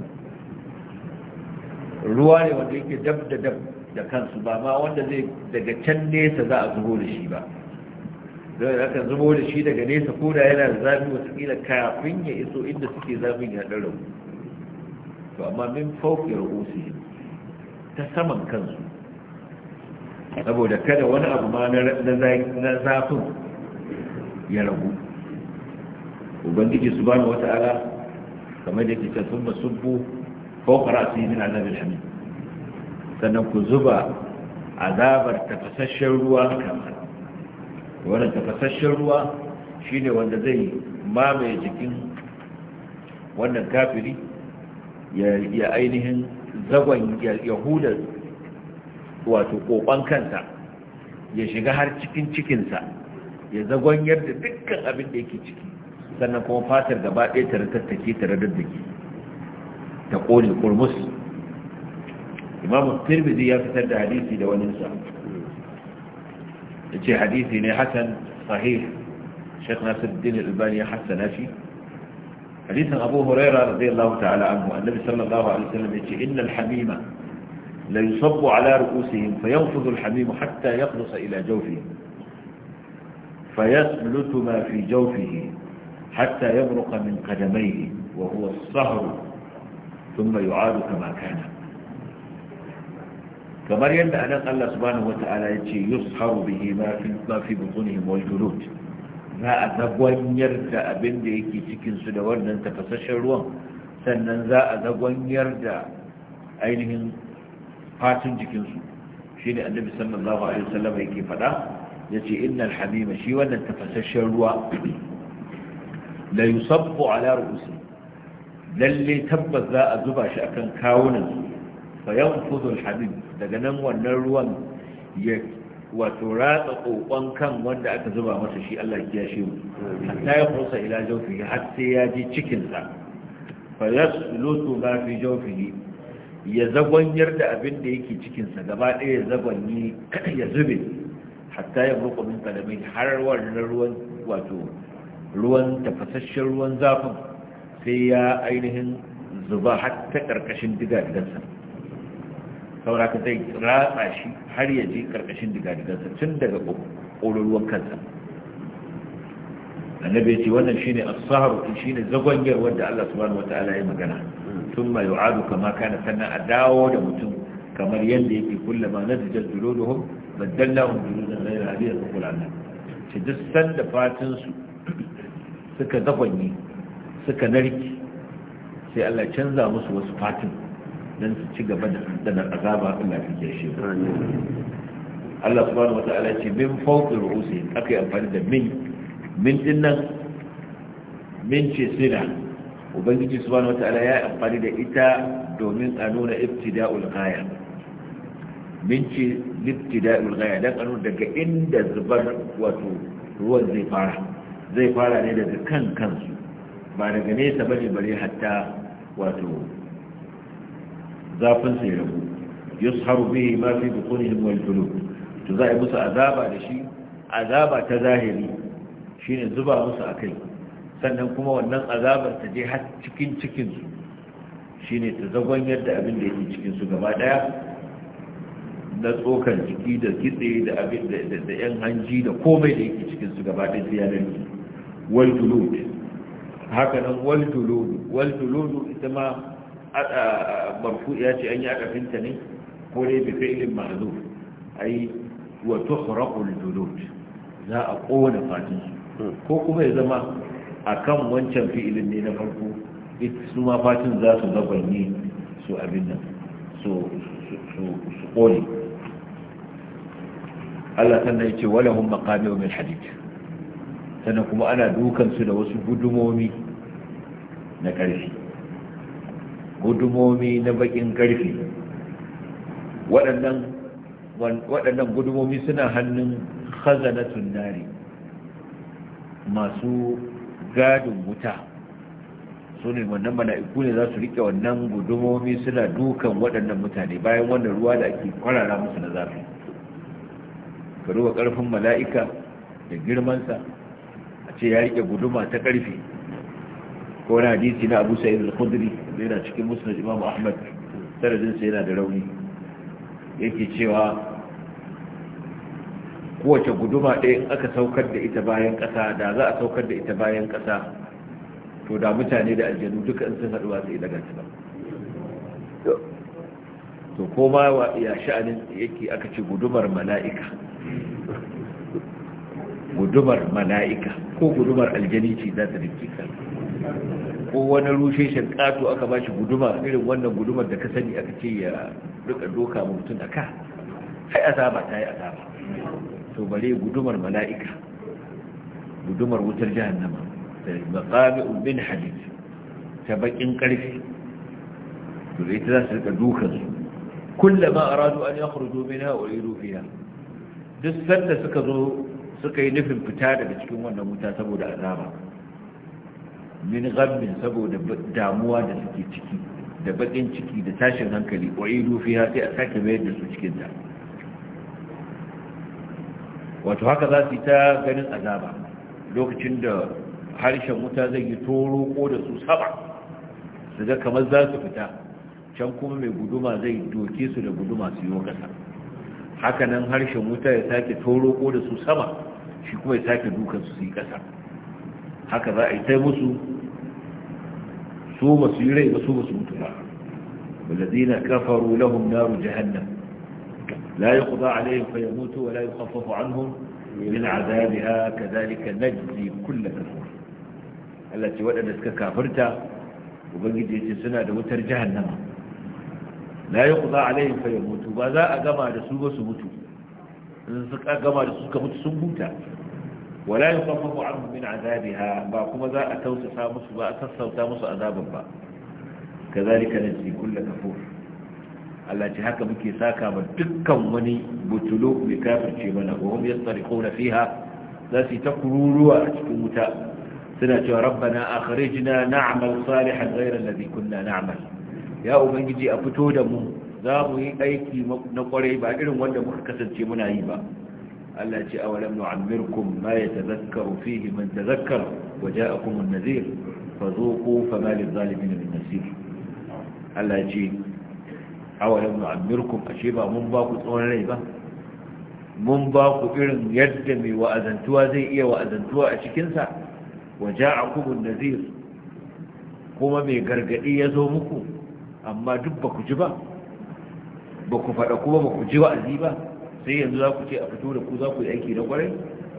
ruwa ne wanda yake dab da dab da kansu ba ma wanda zai daga can nesa za a zubo da shi ba don aka zubo da shi daga nesa ko da yana da zafi watakila kafin ya iso inda suke zafin ya ɗan to amma min fauƙi ru'usihim ta saman kansu saboda kada wani abu ma na zafin ya ragu ubangiji subhanahu ala, kamar da yake ta thumma subbu fawqa ra'sihi min azabil hamim sannan ku zuba azabar tafasasshen ruwa kamar wannan tafasasshen ruwa shine wanda zai mamaye jikin wannan kafiri ya ainihin zagon yahudar wato kokon kanta ya shiga har cikin cikinsa ya zagonyar da dukkan abin da yake ciki sannan kuma fatar gaba ɗaya ta tattake tare daddake ta ƙone ƙurmus imamu tirmidhi ya fitar da hadisi da wani sa yace hadisi ne hasan sahih shaykh nasiruddin al-albani ya hasana shi hadisin abu hurairah radiyallahu ta'ala anhu annabi sallallahu alaihi wasallam yace innal hamima la yusabbu ala ru'usihim fayanfudhu al-hamim hatta yaqdus ila jawfihim فيثبت ما في جوفه حتى يبرق من قدميه وهو الصهر ثم يعاد كما كان كما يند أن الله سبحانه وتعالى يصحر به ما في ما في بطونهم والجلود ما أذبون يرد يرجع بندئك تكن سدورنا أنت تفسش سنن ذا أذبون يرد أينهم فاتن جكنسو شيء النبي صلى الله عليه وسلم يكي فدا ya ce innal hamima shi wannan tafasasshen ruwa la yusabbu ala lalle tabbas za a zuba shi akan kawunan fa yanfudhu hamim daga nan wannan ruwan ya wato ratsa kokon kan wanda aka zuba masa shi Allah ya shi mu hatta ya kusa ila jawfihi har sai ya ji cikin sa fa yaslutu fi ya zagwanyar da abin da yake cikinsa gaba ɗaya zagwanyi ya zube hatta ya ruku min kalamai har wannan ruwan wato ruwan tafasasshen ruwan zafin sai ya ainihin zuba har ta ƙarƙashin digadigansa saura ka zai ratsa shi har ya je ƙarƙashin digadigansa tun daga ƙoruruwan kansa annabi ce wannan shine as-sahru shine zagwanyar wanda Allah subhanahu wataala ya magana thumma yu'adu kama kana sannan a dawo da mutum kamar yadda yake kullama nazijat juluduhum baddallahum junudan ghayra hadiyya tukul anna ce duk sanda fatin su suka zafanyi suka narki sai Allah canza musu wasu fatin dan su ci gaba da dandanar azaba Allah ya kike shi Allah subhanahu ta'ala ce min fawqi aka akai amfani da min min dinnan min ce sina ubangiji subhanahu ta'ala ya amfani da ita domin a nuna ibtida'ul ghaya min ce littida'ul gaya dan anu daga inda zubar wato ruwan zai fara zai fara ne daga kan kansu ba daga nesa bane bare hatta wato zafin sai rabu yusharu bihi ma fi butunihim wal julub to za a musu azaba da shi azaba ta zahiri shine zuba musu akai sannan kuma wannan azabar ta je har cikin cikin su shine ta zagon yadda abin da yake cikin su gaba daya na tsokan jiki da kitse da abin da yan hanji da komai da yake cikin su gaba ɗaya yanar narke wal haka nan wal tulud wal ita ma marfu ya ce an yi finta ne ko dai bi fi'lin ma'zuf ai wa tuhraqu al za a kona fatin ko kuma ya zama a kan wancan fi'ilin ne na farko su ma fatin za su gabanye su abin nan su su kone Allah sannan ya ce walahum maqami'u min hadid sannan kuma ana dukansu da wasu gudumomi na ƙarfi gudumomi na bakin ƙarfi waɗannan waɗannan gudumomi suna hannun khazanatun nari masu gadin wuta su ne wannan mala'iku ne za su rike wannan gudumomi suna dukan waɗannan mutane bayan wannan ruwa da ake kwarara musu na zafi ka duba karfin mala'ika da girmansa a ce ya riƙe guduma ta ƙarfi ko na hadisi na abu sa'id al-khudri da yana cikin musulun imam ahmad sarajinsa yana da rauni yake cewa kowace guduma ɗaya aka saukar da ita bayan ƙasa da za a saukar da ita bayan ƙasa to da mutane da aljanu duka in sun haɗuwa sai daga ta to ko ma ya sha'anin yake aka ce gudumar mala'ika gudumar mala'ika ko gudumar aljani ce za ta rike ka ko wani rushe shankato aka ba shi guduma irin wannan gudumar da ka sani aka ce ya rika doka mutum a ka sai azaba ta yi azaba to bare gudumar mala'ika gudumar wutar jahannama da makami umbin hadid ta bakin karfi to da ita za su rika dukansu a aradu an yakhruju minha wa yuridu fiha duk sanda suka zo suka yi nufin fita daga cikin wannan wuta saboda azaba min ghammin saboda damuwa da suke ciki da bakin ciki da tashin hankali wa idu ha sai a sake mayar da su cikin ta wato haka za su yi ta ganin azaba lokacin da harshen wuta zai yi toro ko da su saba su ga kamar za su fita can kuma mai guduma zai doke su da guduma su yi wa kasa haka nan harshen wuta ya sake toro ko da su sama shi kuma ya sake dukan su su ƙasa haka za a yi ta musu su masu yi rai ba su masu mutu ba waladina kafaru lahum naru jahannam la yi kuza a laifin fa wa la yi an hun min azabi ha ka zalika na jizi allah ce waɗanda suka kafurta ubangiji suna da wutar jahannama la yi kuza alaihim fa yamutu ba za a gama da su ba su mutu suka gama da suka mutu sun huta wala yukaffafu anhum min azabiha ba kuma za a tausasa musu ba a sassauta musu azaban ba kazalika nasi Allah ce haka muke saka ma dukkan wani butulu mai kafirce mana wa hum yastariquna fiha za su ta kururuwa a cikin wuta suna cewa rabbana akhrijna na'mal salihan ghayra alladhi kunna na'mal ya ubangiji a fito da mu za mu yi aiki na kwarai ba irin wanda muka kasance muna yi ba Allah ce awalam nu'ammirkum ma yatazakkaru fihi man tazakkara wa ja'akum an-nadhir fazuqu fama lil-zalimin min nasir Allah ce awalam nu'ammirkum ashe ba mun ba ku tsawon rai ba mun ba ku irin yadda mai wa'azantuwa zai iya wa'azantuwa a cikinsa wa ja'akum an-nadhir kuma mai gargadi ya zo muku amma duk ba ku ji ba ba ku faɗa kuma ba ku ji wa'azi ba sai yanzu za ku ce a fito da ku za ku yi aiki na kwarai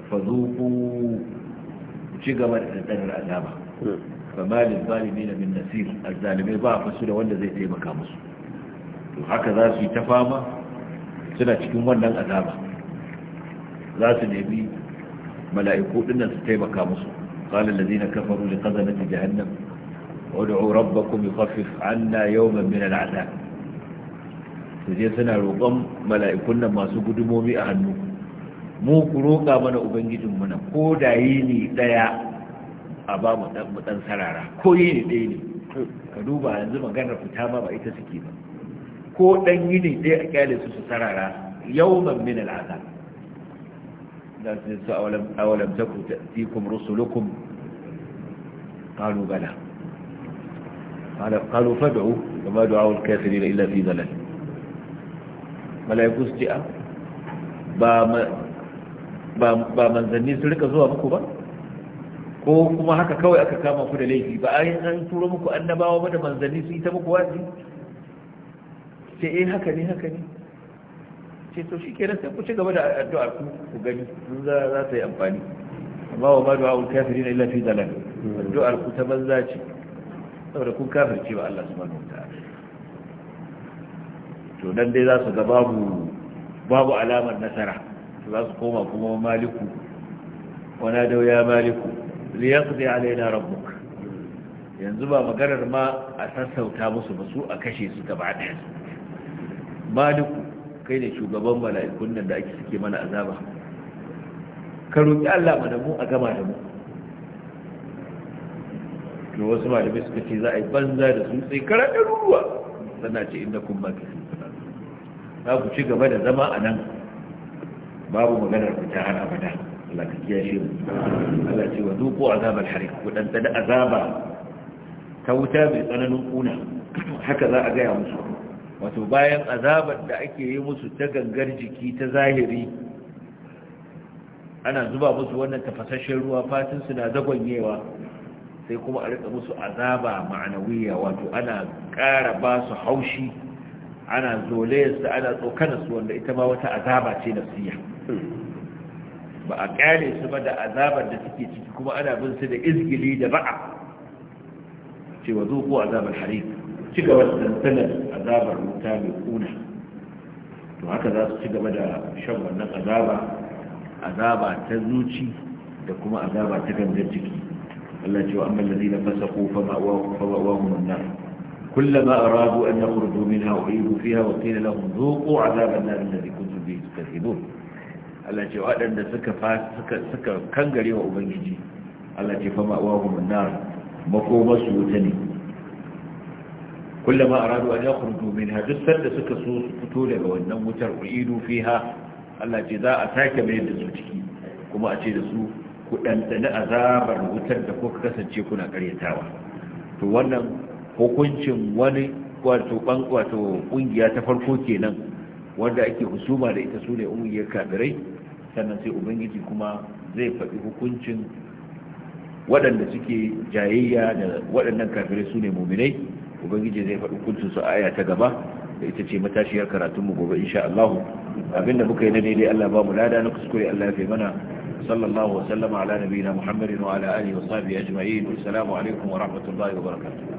fa zo ku ci gaba da ɗanɗanar azaba fa malin zalimi na min nasir azzalimai ba a fasu da wanda zai taimaka musu to haka za su yi ta fama suna cikin wannan azaba za su nemi mala'iku dinnan su taimaka musu قال الذين كفروا لقذنة جهنم wad'u rabbakum yukhaffif 'anna yawman min al'adab su je suna roƙon mala'ikun nan masu gudumomi a hannu mu ku roƙa mana ubangijin mana ko da yi ni daya a ba mu dan dan sarara ko yi ni daya ne ka duba yanzu maganar fita ma ba ita suke ba ko dan yi ni dai a kyale su su sarara yawman min al'adab da su awalam awalam taku ta'tikum rusulukum qalu bala قالوا فادعوا وما دعاء الكافرين إلا في ذلك ملائكو سجئة ba manzanni su rika zuwa muku ba ko kuma haka kawai aka kama ku da laifi ba a an turo muku annabawa ba da su yi ta muku haka haka ce to shi kenan sai ku ci gaba da addu'a ku ku gani sun za ta yi amfani amma wa ma du'a ul kafirin illa addu'ar ku ta banza ce saboda kun kafirce cewa Allah subhanahu ta. to dan dai za su ga babu babu alamar nasara za su koma kuma maliku wana da ya maliku liyaqdi alaina rabbuk yanzu ba maganar ma a sassauta musu ba su a kashe su gaba ɗaya maliku kai ne shugaban mala'ikun nan da ake suke mana azaba ka roƙi Allah mu a gama da mu da wasu malamai suka ce za a yi banza da su sai kara ruwa sannan ce inda kun baki za ku ci gaba da zama a nan babu maganar ta har abada Allah ka kiyaye mu Allah ce wa duku azabar harik ku dan tada azaba ta wuta mai tsananin kuna haka za a gaya musu wato bayan azabar da ake yi musu ta gangar jiki ta zahiri ana zuba musu wannan tafasashen ruwa fatinsu na zagonyewa sai kuma a rika musu azaba ma'anawiya wato ana ƙara ba su haushi ana su ana su wanda ita ma wata azaba ce na siya. ba a kyale su ba da azabar da suke ciki kuma ana bin su da izgili da ba'a cewa wa ko azabar harif ci gaba da tantanar azabar wuta mai kuna to haka za su ci gaba da shan wannan azaba azaba ta zuci da kuma azaba ta gangar ciki Allah ce wa amma allazina fasaqu fa ma'awahum fa ma'awahum an-nar kullama aradu an yakhruju minha u'idu fiha wa qila lahum dhuqu 'adhaban nar alladhi kuntum bihi tukadzibun Allah ce waɗanda suka suka suka kangare wa ubangiji Allah ce fa ma'awahum an-nar makomasu wuta ne kullama aradu an yakhruju minha duk sanda suka so su fito daga wannan wutar Allah ce za a sake mai da su ciki kuma a ce da su ku ɗanɗani azabar wutar da kuka kasance kuna karyatawa to wannan hukuncin wani wato wato ƙungiya ta farko kenan wanda ake husuma da ita su ne ƙungiyar kafirai sannan sai ubangiji kuma zai faɗi hukuncin waɗanda suke jayayya da waɗannan kafirai su ne muminai ubangiji zai faɗi hukuncinsu a aya ta gaba da ita ce matashiyar karatunmu gobe insha Allah abinda muka yi na dai Allah ba mu lada na kuskure Allah ya fi mana sallallahu wa sallama ala nabiyina Muhammadin wa ala alihi wa sahbihi ajma'in assalamu alaikum wa rahmatullahi wa barakatuh